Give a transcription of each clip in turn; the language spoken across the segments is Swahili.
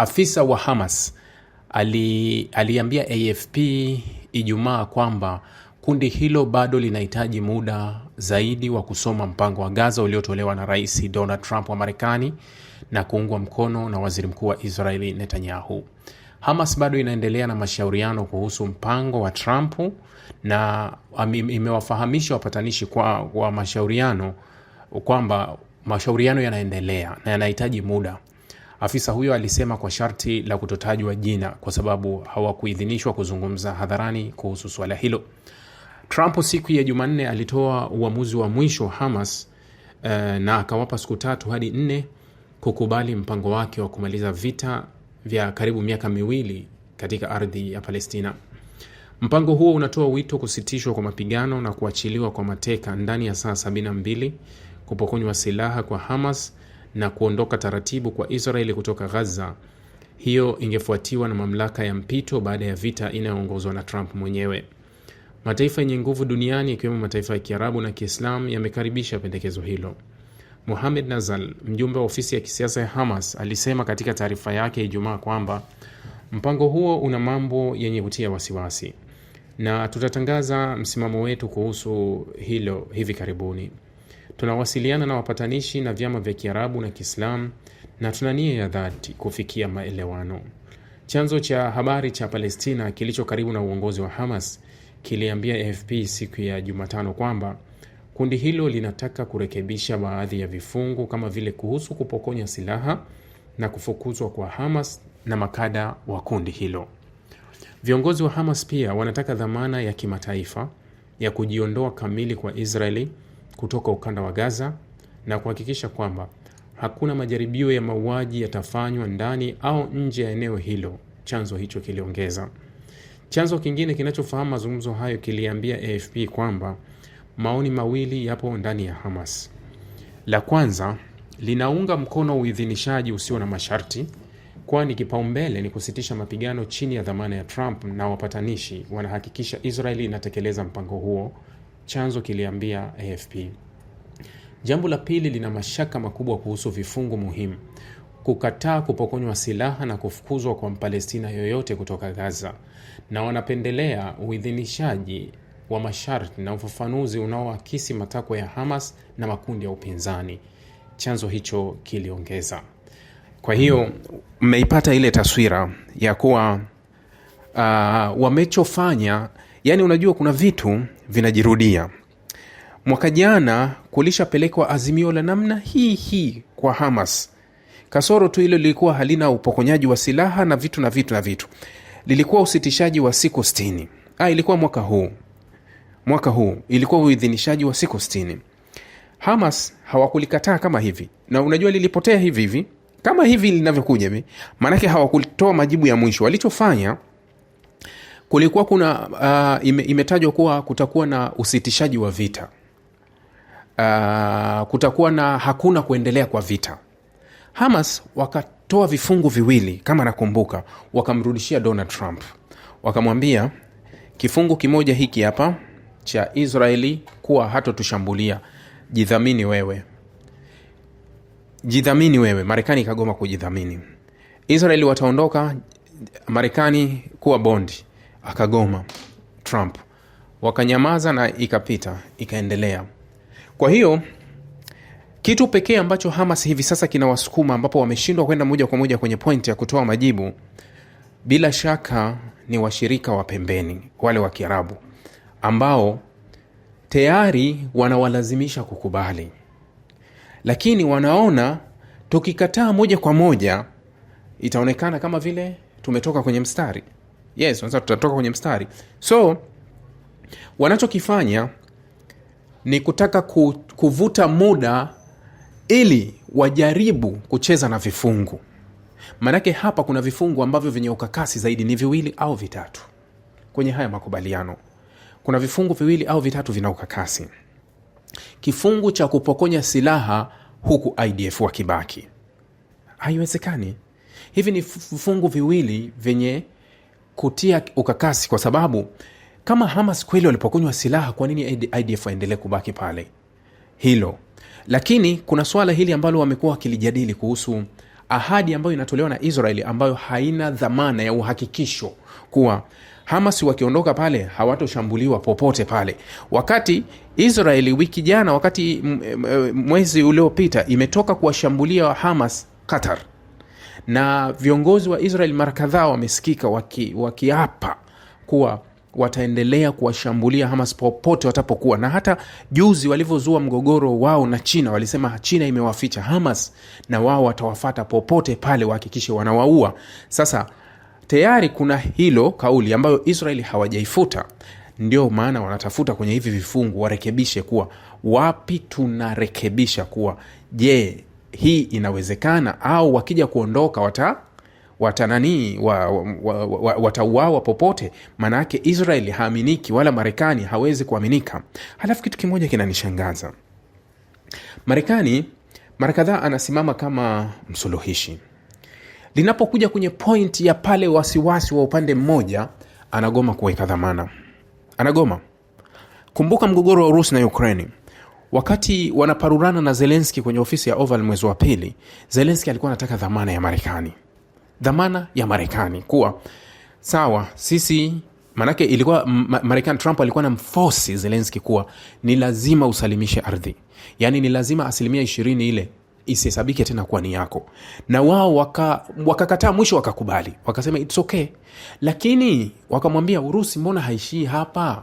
Afisa wa Hamas ali, aliambia AFP Ijumaa kwamba kundi hilo bado linahitaji muda zaidi wa kusoma mpango wa Gaza uliotolewa na Rais Donald Trump wa Marekani na kuungwa mkono na Waziri Mkuu wa Israeli Netanyahu. Hamas bado inaendelea na mashauriano kuhusu mpango wa Trump na imewafahamisha wapatanishi kwa, kwa mashauriano kwamba mashauriano yanaendelea na yanahitaji muda. Afisa huyo alisema kwa sharti la kutotajwa jina kwa sababu hawakuidhinishwa kuzungumza hadharani kuhusu suala hilo. Trump siku ya Jumanne alitoa uamuzi wa mwisho Hamas eh, na akawapa siku tatu hadi nne kukubali mpango wake wa kumaliza vita vya karibu miaka miwili katika ardhi ya Palestina. Mpango huo unatoa wito kusitishwa kwa mapigano na kuachiliwa kwa mateka ndani ya saa 72, kupokonywa silaha kwa Hamas na kuondoka taratibu kwa Israeli kutoka Gaza. Hiyo ingefuatiwa na mamlaka ya mpito baada ya vita inayoongozwa na Trump mwenyewe. Mataifa yenye nguvu duniani ikiwemo mataifa ya Kiarabu na Kiislamu yamekaribisha pendekezo hilo. Mohamed Nazal, mjumbe wa ofisi ya kisiasa ya Hamas, alisema katika taarifa yake Ijumaa kwamba mpango huo una mambo yenye kutia wasiwasi na tutatangaza msimamo wetu kuhusu hilo hivi karibuni. Tunawasiliana na wapatanishi na vyama vya Kiarabu na Kiislamu na tuna nia ya dhati kufikia maelewano. Chanzo cha habari cha Palestina kilicho karibu na uongozi wa Hamas kiliambia AFP siku ya Jumatano kwamba kundi hilo linataka kurekebisha baadhi ya vifungu kama vile kuhusu kupokonya silaha na kufukuzwa kwa Hamas na makada wa kundi hilo. Viongozi wa Hamas pia wanataka dhamana ya kimataifa ya kujiondoa kamili kwa Israeli kutoka ukanda wa Gaza na kuhakikisha kwamba hakuna majaribio ya mauaji yatafanywa ndani au nje ya eneo hilo, chanzo hicho kiliongeza. Chanzo kingine kinachofahamu mazungumzo hayo kiliambia AFP kwamba maoni mawili yapo ndani ya Hamas. La kwanza linaunga mkono uidhinishaji usio na masharti, kwani kipaumbele ni kusitisha mapigano chini ya dhamana ya Trump, na wapatanishi wanahakikisha Israeli inatekeleza mpango huo chanzo kiliambia AFP. Jambo la pili, lina mashaka makubwa kuhusu vifungu muhimu: kukataa kupokonywa silaha na kufukuzwa kwa Mpalestina yoyote kutoka Gaza, na wanapendelea uidhinishaji wa masharti na ufafanuzi unaoakisi matakwa ya Hamas na makundi ya upinzani, chanzo hicho kiliongeza. Kwa hiyo mmeipata ile taswira ya kuwa uh, wamechofanya Yaani unajua kuna vitu vinajirudia. Mwaka jana kulishapelekwa azimio la namna hii hii kwa Hamas, kasoro tu hilo lilikuwa halina upokonyaji wa silaha na vitu na vitu na vitu, lilikuwa usitishaji wa siku sitini. Ah, ilikuwa mwaka huu, mwaka huu ilikuwa uidhinishaji wa siku sitini. Hamas hawakulikataa kama hivi, na unajua lilipotea hivi hivi kama hivi linavyokuja hivi, maanake hawakutoa majibu ya mwisho. Walichofanya kulikuwa kuna uh, ime, imetajwa kuwa kutakuwa na usitishaji wa vita uh, kutakuwa na hakuna kuendelea kwa vita hamas wakatoa vifungu viwili kama nakumbuka wakamrudishia donald trump wakamwambia kifungu kimoja hiki hapa cha israeli kuwa hatotushambulia jidhamini wewe jidhamini wewe marekani ikagoma kujidhamini israeli wataondoka marekani kuwa bondi akagoma Trump, wakanyamaza na ikapita, ikaendelea. Kwa hiyo kitu pekee ambacho Hamas hivi sasa kinawasukuma ambapo wameshindwa kwenda moja kwa moja kwenye point ya kutoa majibu, bila shaka ni washirika wa pembeni wale wa Kiarabu ambao tayari wanawalazimisha kukubali, lakini wanaona tukikataa moja kwa moja itaonekana kama vile tumetoka kwenye mstari yes sasa tutatoka kwenye mstari so wanachokifanya ni kutaka ku, kuvuta muda ili wajaribu kucheza na vifungu maanake hapa kuna vifungu ambavyo vyenye ukakasi zaidi ni viwili au vitatu kwenye haya makubaliano kuna vifungu viwili au vitatu vina ukakasi kifungu cha kupokonya silaha huku idf wakibaki haiwezekani hivi ni vifungu viwili vyenye kutia ukakasi, kwa sababu kama Hamas kweli walipokunywa silaha, kwa nini IDF waendelee kubaki pale? Hilo lakini kuna swala hili ambalo wamekuwa wakilijadili kuhusu ahadi ambayo inatolewa na Israeli ambayo haina dhamana ya uhakikisho kuwa Hamas wakiondoka pale hawatoshambuliwa popote pale, wakati Israeli wiki jana, wakati mwezi uliopita imetoka kuwashambulia Hamas Qatar na viongozi wa Israel mara kadhaa wamesikika wakiapa waki kuwa wataendelea kuwashambulia Hamas popote watapokuwa, na hata juzi walivyozua mgogoro wao na China walisema China imewaficha Hamas na wao watawafata popote pale wahakikishe wanawaua. Sasa tayari kuna hilo kauli ambayo Israeli hawajaifuta. Ndio maana wanatafuta kwenye hivi vifungu warekebishe, kuwa wapi tunarekebisha kuwa je hii inawezekana au wakija kuondoka wata watananii watauawa wa, wa, wa, wata popote maanayake israel haaminiki wala marekani hawezi kuaminika halafu kitu kimoja kinanishangaza marekani mara kadhaa anasimama kama msuluhishi linapokuja kwenye point ya pale wasiwasi wa upande mmoja anagoma kuweka dhamana anagoma kumbuka mgogoro wa urusi na ukraini Wakati wanaparurana na Zelenski kwenye ofisi ya Oval mwezi wa pili, Zelenski alikuwa anataka dhamana ya Marekani, dhamana ya Marekani kuwa sawa sisi maanake ilikuwa Marekani, Trump alikuwa na mfosi Zelenski kuwa ni lazima usalimishe ardhi, yaani ni lazima asilimia ishirini ile isihesabike tena kuwa ni yako, na wao wakakataa, waka mwisho wakakubali, wakasema it's okay, lakini wakamwambia Urusi, mbona haishii hapa?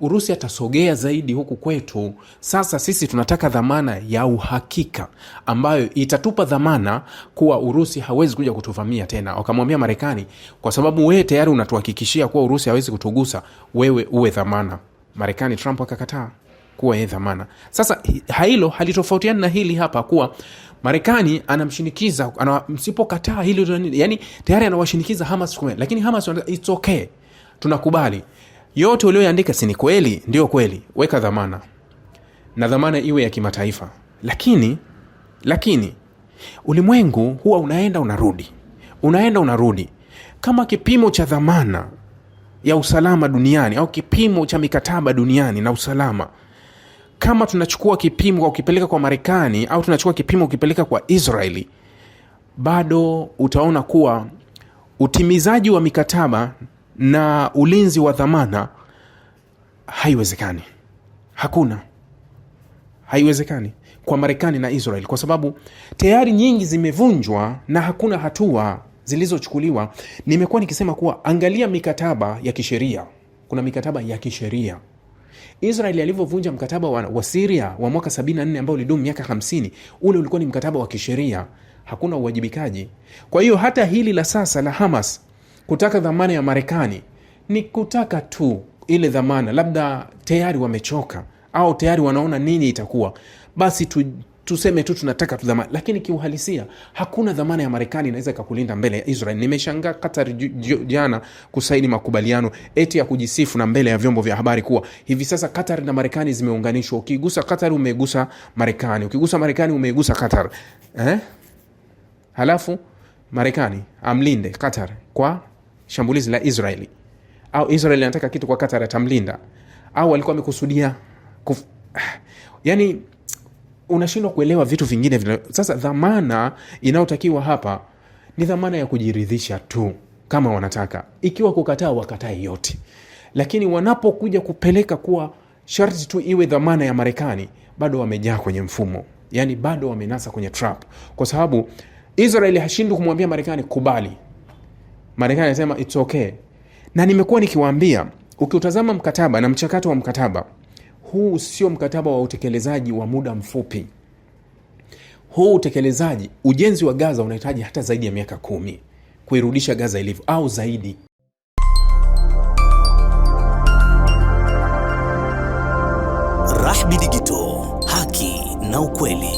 Urusi atasogea zaidi huku kwetu. Sasa sisi tunataka dhamana ya uhakika ambayo itatupa dhamana kuwa Urusi hawezi kuja kutuvamia tena. Wakamwambia Marekani, kwa sababu wee tayari unatuhakikishia kuwa Urusi hawezi kutugusa, wewe uwe dhamana. Marekani, Trump akakataa kuwa yeye dhamana. Sasa hilo halitofautiani na hili hapa kuwa Marekani anamshinikiza ana, msipokataa hili, yani tayari anawashinikiza Hamas, lakini Hamas it's okay, tunakubali yote ulioyandika si ni kweli? Ndio kweli, weka dhamana na dhamana iwe ya kimataifa. Lakini lakini ulimwengu huwa unaenda unarudi, unaenda unarudi. Kama kipimo cha dhamana ya usalama duniani au kipimo cha mikataba duniani na usalama, kama tunachukua kipimo kwa ukipeleka kwa Marekani au tunachukua kipimo ukipeleka kwa Israeli, bado utaona kuwa utimizaji wa mikataba na ulinzi wa dhamana haiwezekani, hakuna, haiwezekani kwa Marekani na Israel kwa sababu tayari nyingi zimevunjwa na hakuna hatua zilizochukuliwa. Nimekuwa nikisema kuwa angalia mikataba ya kisheria, kuna mikataba ya kisheria. Israel alivyovunja mkataba wa, wa Siria wa mwaka 74 ambao ulidumu miaka 50, ule ulikuwa ni mkataba wa kisheria, hakuna uwajibikaji. Kwa hiyo hata hili la sasa la Hamas kutaka dhamana ya Marekani ni kutaka tu ile dhamana, labda tayari wamechoka au tayari wanaona nini itakuwa, basi tu, tuseme tu tunataka tu dhamana, lakini kiuhalisia hakuna dhamana ya Marekani inaweza ikakulinda mbele ya Israel. Nimeshangaa Qatar jana kusaini makubaliano eti ya kujisifu na mbele ya vyombo vya habari kuwa hivi sasa Qatar na Marekani zimeunganishwa. Ukigusa Qatar umegusa Marekani, ukigusa Marekani umegusa katar eh? Halafu Marekani amlinde katar kwa shambulizi la Israeli au Israeli anataka kitu kwa Qatar atamlinda au alikuwa amekusudia kuf... yani unashindwa kuelewa vitu vingine vina... Sasa dhamana inayotakiwa hapa ni dhamana ya kujiridhisha tu, kama wanataka, ikiwa kukataa wakatae yote, lakini wanapokuja kupeleka kuwa sharti tu iwe dhamana ya Marekani, bado wamejaa kwenye mfumo, yani bado wamenasa kwenye trap, kwa sababu Israeli hashindwi kumwambia Marekani kubali Marekani anasema it's ok na nimekuwa nikiwaambia, ukiutazama mkataba na mchakato wa mkataba huu, sio mkataba wa utekelezaji wa muda mfupi. Huu utekelezaji, ujenzi wa Gaza unahitaji hata zaidi ya miaka kumi kuirudisha Gaza ilivyo au zaidi. rahbi digito haki na ukweli.